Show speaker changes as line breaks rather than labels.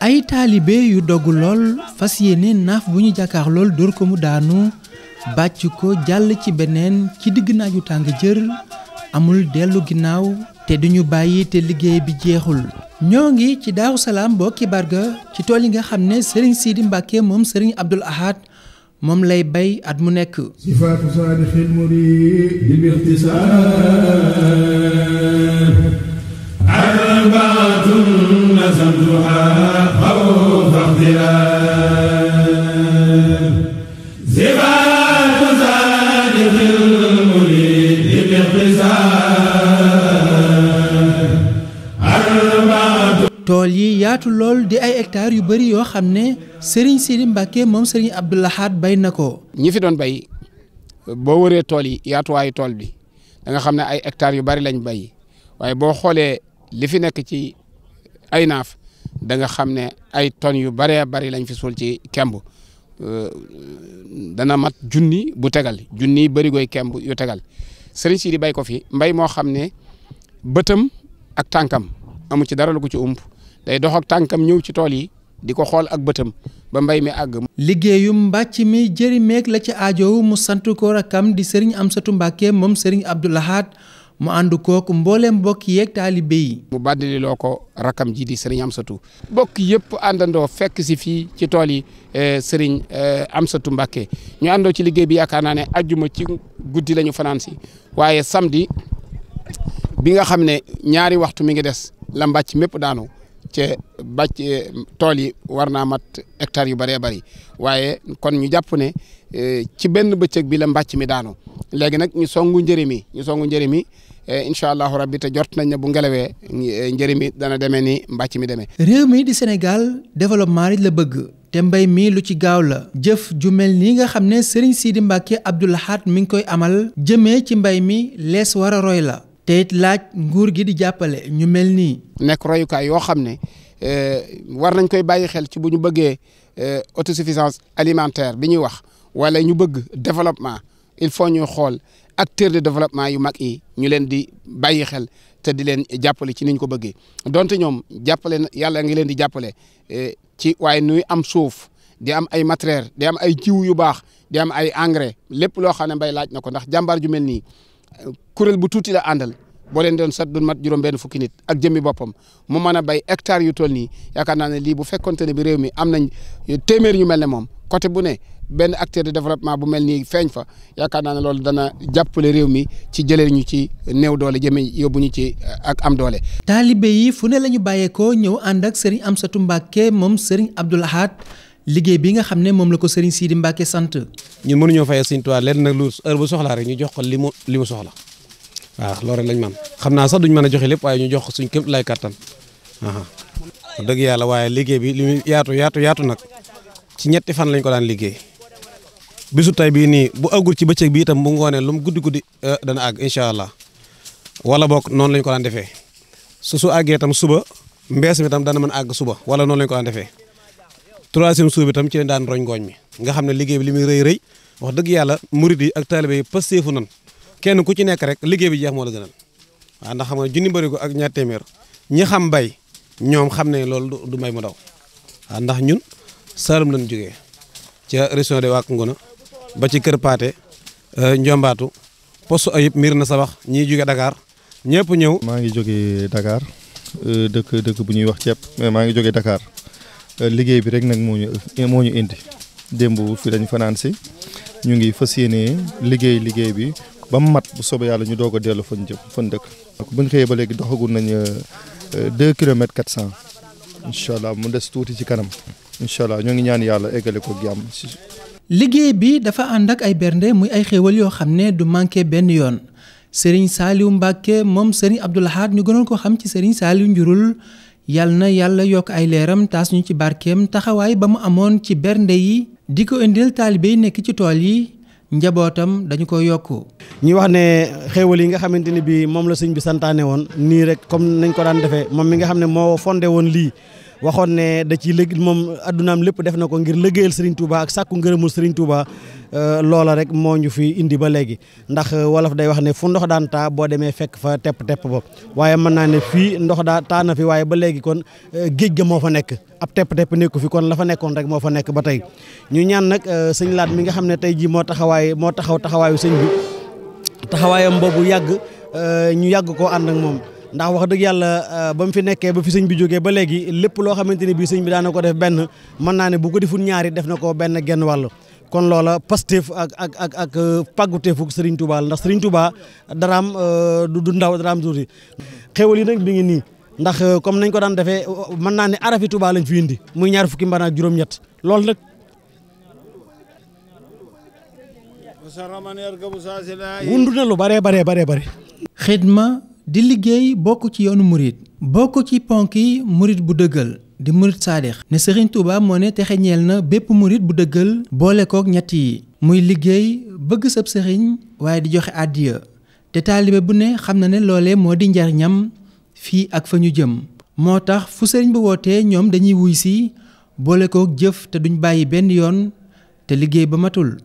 ay taalibe yu dogu lool fas yéene naaf bu ñu jàkkaar lool dóor ko mu daanu bàcc ko jàll ci beneen ci digg naaju tàng jër amul dellu ginnaaw te duñu bàyyi te liggéey bi jeexul ñoo ngi ci Daaru Salaam boo kibar ga ci tool yi nga xam ne Serigne Sidi Mbacke moom sëriñ Abdoul Ahad moom lay bay at mu nekk tool yi yaatu lool di ay hectares yu bari yoo xam ne Serigne Sidi Mbacke moom Serigne Abdou bay na ko. ñi fi doon bay boo wëree tool yi yaatuwaayu tool bi
danga xam ne ay hectares yu bari lañ bay waaye boo xoolee li fi nekk ci ay naaf danga xam ne ay tonnes yu bëree bëri lañ fi suul ci kemb euh, dana mat junni bu tegal junni bëri kemb yu tegal sëriñ si di bay ko fi mbay moo xam ne bëtam ak tànkam amu ci dara la ko ci ump
day dox ak tànkam ñëw ci tool yi di ko xool ak bëtam ba mbay mi àgg. liggéeyu mbàcc mi jëri meeg la ci aajowu mu sant koo rakam di sëriñ Amsatu Mbàkke moom sëriñ Abdou laxaat mu ànd kooku mbooleem mbokk yeeg taalibe mu bàddali ko rakam jii di
sëriñ Amsatu mbokk yëpp àndandoo fekk si fii ci tool yi eh, sëriñ eh, Amsatu Mbàkke ñu àndoo ci liggéey bi yaakaar naa ne ajjuma ci guddi la ñu fanaan si waaye samedi bi nga xam ne ñaari waxtu mi ngi des la mbàcc mépp daanu ca bàcc eh, tool yi war naa mat hectares yu bëree bari waaye kon ñu jàpp ne eh, ci benn bëccëg bi la mbàcc mi daanu léegi nag ñu songu njëriñ mi ñu songu njëriñ mi eh, incha allahu rabbi te jort nañ ne bu ngelawee njëriñ mi dana demee ni mbàcc mi
demee. réew mi di Sénégal développement rek la bëgg. te mbay mi lu ci gaaw la jëf ju mel nii nga xam ne Serigne Sidi Mbacke Abdoul Ahad mi ngi koy amal jëmee ci mbay mi lees war a roy la te it laaj nguur gi di jàppale ñu mel nii. nekk royukaay yoo xam ne
euh, war nañ koy bàyyi xel ci bu ñu bëggee euh, autosuffisance alimentaire bi ñuy wax wala ñu bëgg développement il faut ñuy xool acteurs de développement yu mag yi ñu leen di bàyyi xel te di leen jàppale ci niñ ko bëggee donte ñoom jàppale na yàlla ngi leen di jàppale euh, ci waaye nuy am suuf. di am ay matériel di am ay jiw yu baax di am ay engrais lépp loo xam ne mbay laaj na ko ndax jàmbar ju mel nii kuréel bu tuuti la àndal boo leen doon sat du mat juróom-benn fukki nit ak jëmmi boppam mu mën a bay hectare yu toll nii yaakaar naa ne lii bu fekkonte ne bi réew mi am nañ e, téeméer ñu mel ne moom côté bu ne benn acteur de développement bu mel nii feeñ fa yaakaar naa ne loolu dana jàppale réew mi ci jëlee ñu
ci néew doole jëme yóbbu ñu ci e, ak am doole. taalibe yi fu ne la ñu bàyyeekoo ñëw ànd ak Serigne Amsatou Mbacké moom Serigne Abdoul Ahad liggéey bi nga xam ne moom la ko Serigne Sidi Mbacke sant.
ñun mënuñoo fayal Serigne Touba lenn nag lu heure bu soxlaa rek ñu jox ko li mu li mu soxla waaw loolu rek man xam naa sax duñ mën a joxe lépp waaye ñu jox ko suñ képp lay kattan. dëgg yàlla waaye liggéey bi li muy yaatu yaatu yaatu nag ci ñetti fan lañ ko daan liggéey bisu tay bii nii bu àggul ci bëccëg bi itam bu ngoonee lu mu guddi guddi eh, dana àgg incha allah wala boog noonu lañ ko daan defee su su àggee tam suba mbees mi itam dana mën àgg suba wala noonu lañ ko daan defee. troisième suuf bi tam ci lañ daan roñ gooñ mi nga xam ne liggéey bi li muy rëy rëy wax dëgg yàlla murid yi ak taalibe yi pasteefu nan kenn ku ci nekk rek liggéey bi jeex moo la gënal waaw ndax xam nga junni bëri ko ak ñaar téeméer xam bay ñoom xam ne loolu mbay mu daw waaw ndax ñun Saalum lañ jógee ca région de Wack Ngouna ba ci Kër Paate euh, Njombaatu poste ayib miir na sabax ñiy jóge Dakar ñëpp ñëw. maa ngi jógee Dakar euh, dëkk dëkk bu ñuy wax ceeb mais maa ngi jógee Dakar. Euh, liggéey bi rek nag moo ñu moo ñu indi démb fi lañu fanaan si ñu ngi fas yéenee liggéey liggéey bi ba mu mat bu soobee yàlla ñu doog ko dellu fan jëm fan dëkk. donc bu ñu xëyee ba léegi doxagul nañu euh, euh, deux kilomètres quatre cent incha allah mu des tuuti ci kanam incha allah ñoo ngi ñaan yàlla eggale ko jàmm si.
liggéey bi dafa ànd ak ay bernde muy ay xéewal yoo xam ne du manqué benn yoon sëriñ Saliou Mbacke moom sëriñ Abdoul ñu gënoon ko xam ci sëriñ Saliou Njurul yal na yàlla yokk ay leeram taas ñu ci barkeem taxawaay ba mu amoon ci bernde yi di ko indi taalibe yi nekk ci tool yi njabootam dañu ko yokk ñi wax ne xéewal yi nga
xamante ni bii moom la sëñ bi santaane woon nii rek comme nañ ko daan defee moom mi nga xam ne moo fonde woon lii waxoon ne da ci lëg moom addunaam lépp def na ko ngir liggéeyal Serigne Touba ak sàkku ngërëmul Serigne Touba euh, loola rek moo ñu fi indi ba léegi ndax euh, wolof day wax ne fu ndox daan taa boo demee fekk fa tepp-tepp ba waaye mën naa ne fii ndox daa taa na fi waaye ba léegi kon euh, géej ga moo fa nekk ab tepp-tepp nekku fi kon la fa nekkoon rek moo fa nekk ba tey ñu ñaan nag sëñ Laat mi nga xam ne tey jii moo taxawaay moo taxaw taxawaayu sëñ bi taxawaayam boobu ñu yàgg koo ànd ak moom ndax wax dëgg yàlla euh, ba fi nekkee ba fi sëñ bi jógee ba léegi lépp loo xamante ni bii sëñ bi daana ko def benn mën naa ne bu ko deful ñaari def na ko benn genn wàll kon loola pasteef ak ak ak sëriñ euh, tubaal Serigne Touba ndax Serigne Touba daraam euh, du ndaw daraam tuuti xéwal yi nag mi ngi nii ndax comme nañ ko daan defee mën naa ne arafi Touba lañ fi indi muy ñaar fukki mban ak juróom-ñett loolu nag
wundu
lu bare bare bare bare xidma di liggéey bokk ci yoonu murit bokk ci ponk yi murit bu dëggal di murit saadix ne Serigne Touba moo ne texe ñeel na bépp murit bu dëggal boole kook ñett yi muy liggéey bëgg sab sëriñ waaye di joxe àddiya te taalibe bu ne xam na ne loole moo di njariñam fii ak fa ñu jëm moo tax fu sëriñ bu wootee ñoom dañuy wuy si boole kook jëf te duñu bàyyi benn yoon te liggéey ba matul